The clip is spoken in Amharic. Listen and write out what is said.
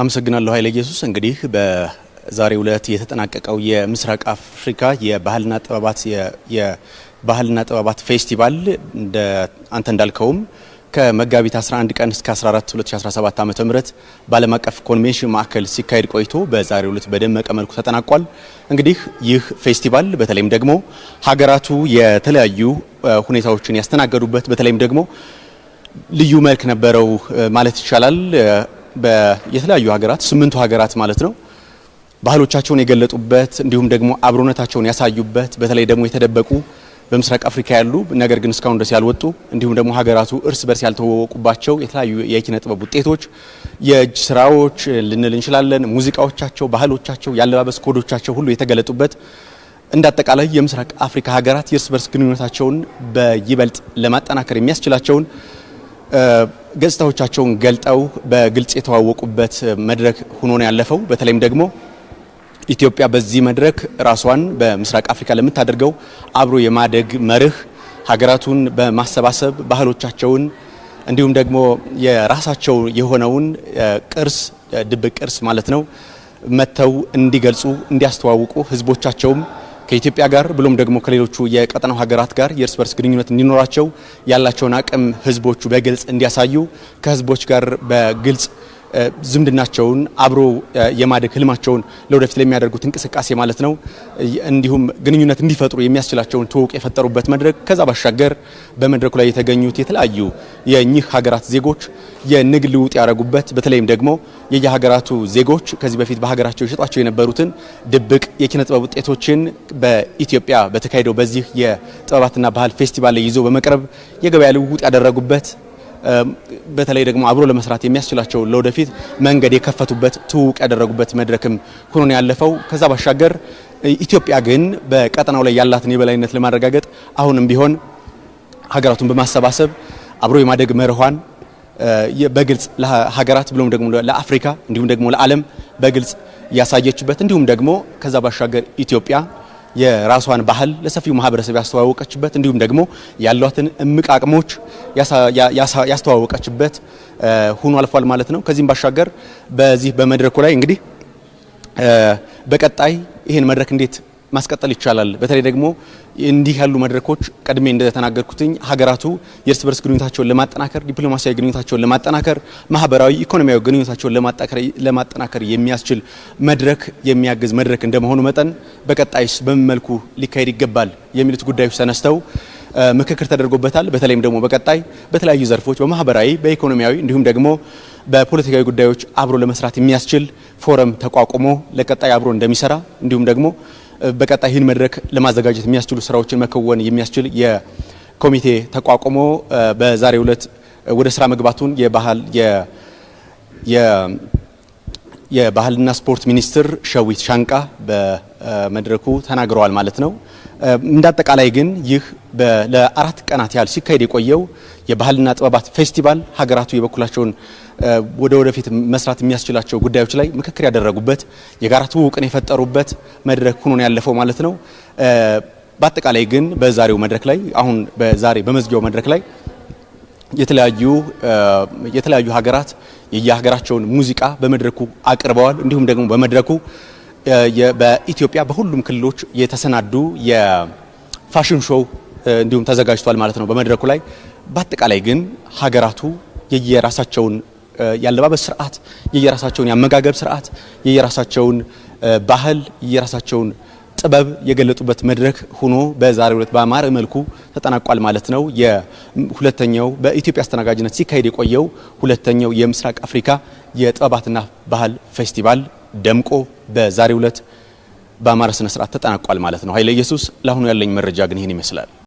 አመሰግናለሁ ኃይለ ኢየሱስ። እንግዲህ በዛሬው ዕለት የተጠናቀቀው የምስራቅ አፍሪካ የባህልና ጥበባት የባህልና ጥበባት ፌስቲቫል እንደ አንተ እንዳልከውም ከመጋቢት 11 ቀን እስከ 14 2017 ዓ.ም ባለም አቀፍ ኮንቬንሽን ማዕከል ሲካሄድ ቆይቶ በዛሬው ዕለት በደመቀ መልኩ ተጠናቋል። እንግዲህ ይህ ፌስቲቫል በተለይም ደግሞ ሀገራቱ የተለያዩ ሁኔታዎችን ያስተናገዱበት በተለይም ደግሞ ልዩ መልክ ነበረው ማለት ይቻላል። የተለያዩ ሀገራት ስምንቱ ሀገራት ማለት ነው ባህሎቻቸውን የገለጡበት እንዲሁም ደግሞ አብሮነታቸውን ያሳዩበት በተለይ ደግሞ የተደበቁ በምስራቅ አፍሪካ ያሉ ነገር ግን እስካሁን ድረስ ያልወጡ እንዲሁም ደግሞ ሀገራቱ እርስ በርስ ያልተዋወቁባቸው የተለያዩ የኪነ ጥበብ ውጤቶች፣ የእጅ ስራዎች ልንል እንችላለን። ሙዚቃዎቻቸው፣ ባህሎቻቸው፣ ያለባበስ ኮዶቻቸው ሁሉ የተገለጡበት እንደ አጠቃላይ የምስራቅ አፍሪካ ሀገራት የእርስ በርስ ግንኙነታቸውን በይበልጥ ለማጠናከር የሚያስችላቸውን ገጽታዎቻቸውን ገልጠው በግልጽ የተዋወቁበት መድረክ ሆኖ ነው ያለፈው። በተለይም ደግሞ ኢትዮጵያ በዚህ መድረክ ራሷን በምስራቅ አፍሪካ ለምታደርገው አብሮ የማደግ መርህ ሀገራቱን በማሰባሰብ ባህሎቻቸውን እንዲሁም ደግሞ የራሳቸው የሆነውን ቅርስ ድብቅ ቅርስ ማለት ነው መጥተው እንዲገልጹ እንዲያስተዋውቁ ህዝቦቻቸውም ከኢትዮጵያ ጋር ብሎም ደግሞ ከሌሎቹ የቀጠናው ሀገራት ጋር የእርስ በርስ ግንኙነት እንዲኖራቸው ያላቸውን አቅም ህዝቦቹ በግልጽ እንዲያሳዩ ከህዝቦች ጋር በግልጽ ዝምድናቸውን አብሮ የማደግ ህልማቸውን ለወደፊት ለሚያደርጉት እንቅስቃሴ ማለት ነው። እንዲሁም ግንኙነት እንዲፈጥሩ የሚያስችላቸውን ትውውቅ የፈጠሩበት መድረክ። ከዛ ባሻገር በመድረኩ ላይ የተገኙት የተለያዩ የእኚህ ሀገራት ዜጎች የንግድ ልውጥ ያደረጉበት በተለይም ደግሞ የየሀገራቱ ዜጎች ከዚህ በፊት በሀገራቸው የሸጧቸው የነበሩትን ድብቅ የኪነ ጥበብ ውጤቶችን በኢትዮጵያ በተካሄደው በዚህ የጥበባትና ባህል ፌስቲቫል ላይ ይዞ በመቅረብ የገበያ ልውውጥ ያደረጉበት በተለይ ደግሞ አብሮ ለመስራት የሚያስችላቸው ለወደፊት መንገድ የከፈቱበት ትውውቅ ያደረጉበት መድረክም ሆኖ ያለፈው። ከዛ ባሻገር ኢትዮጵያ ግን በቀጠናው ላይ ያላትን የበላይነት ለማረጋገጥ አሁንም ቢሆን ሀገራቱን በማሰባሰብ አብሮ የማደግ መርኋን በግልጽ ለሀገራት ብሎም ደግሞ ለአፍሪካ እንዲሁም ደግሞ ለዓለም በግልጽ ያሳየችበት እንዲሁም ደግሞ ከዛ ባሻገር ኢትዮጵያ የራሷን ባህል ለሰፊው ማህበረሰብ ያስተዋወቀችበት እንዲሁም ደግሞ ያሏትን እምቅ አቅሞች ያስተዋወቀችበት ሁኖ አልፏል ማለት ነው። ከዚህም ባሻገር በዚህ በመድረኩ ላይ እንግዲህ በቀጣይ ይህን መድረክ እንዴት ማስቀጠል ይቻላል። በተለይ ደግሞ እንዲህ ያሉ መድረኮች ቀድሜ እንደተናገርኩትኝ ሀገራቱ የእርስ በርስ ግንኙነታቸውን ለማጠናከር ዲፕሎማሲያዊ ግንኙነታቸውን ለማጠናከር ማህበራዊ፣ ኢኮኖሚያዊ ግንኙነታቸውን ለማጠናከር የሚያስችል መድረክ የሚያግዝ መድረክ እንደመሆኑ መጠን በቀጣይስ በምን መልኩ ሊካሄድ ይገባል የሚሉት ጉዳዮች ተነስተው ምክክር ተደርጎበታል። በተለይም ደግሞ በቀጣይ በተለያዩ ዘርፎች በማህበራዊ፣ በኢኮኖሚያዊ እንዲሁም ደግሞ በፖለቲካዊ ጉዳዮች አብሮ ለመስራት የሚያስችል ፎረም ተቋቁሞ ለቀጣይ አብሮ እንደሚሰራ እንዲሁም ደግሞ በቀጣይ ይህን መድረክ ለማዘጋጀት የሚያስችሉ ስራዎችን መከወን የሚያስችል የኮሚቴ ተቋቁሞ በዛሬው ዕለት ወደ ስራ መግባቱን የባህል የባህልና ስፖርት ሚኒስትር ሸዊት ሻንቃ በመድረኩ ተናግረዋል ማለት ነው። እንደ አጠቃላይ ግን ይህ ለአራት ቀናት ያህል ሲካሄድ የቆየው የባህልና ጥበባት ፌስቲቫል ሀገራቱ የበኩላቸውን ወደ ወደፊት መስራት የሚያስችላቸው ጉዳዮች ላይ ምክክር ያደረጉበት የጋራ ትውውቅን የፈጠሩበት መድረክ ሆኖ ያለፈው ማለት ነው። በአጠቃላይ ግን በዛሬው መድረክ ላይ አሁን በዛሬ በመዝጊያው መድረክ ላይ የተለያዩ የተለያዩ ሀገራት የየሀገራቸውን ሙዚቃ በመድረኩ አቅርበዋል። እንዲሁም ደግሞ በመድረኩ በኢትዮጵያ በሁሉም ክልሎች የተሰናዱ የፋሽን ሾው እንዲሁም ተዘጋጅቷል ማለት ነው በመድረኩ ላይ። በአጠቃላይ ግን ሀገራቱ የየራሳቸውን ያለባበስ ስርዓት፣ የየራሳቸውን ያመጋገብ ስርዓት፣ የየራሳቸውን ባህል፣ የየራሳቸውን ጥበብ የገለጡበት መድረክ ሆኖ በዛሬው ዕለት በአማረ መልኩ ተጠናቋል ማለት ነው። የሁለተኛው በኢትዮጵያ አስተናጋጅነት ሲካሄድ የቆየው ሁለተኛው የምስራቅ አፍሪካ የጥበባትና ባህል ፌስቲቫል ደምቆ በዛሬው ዕለት በአማረ ስነስርዓት ተጠናቋል ማለት ነው። ኃይለ ኢየሱስ፣ ለአሁኑ ያለኝ መረጃ ግን ይህን ይመስላል።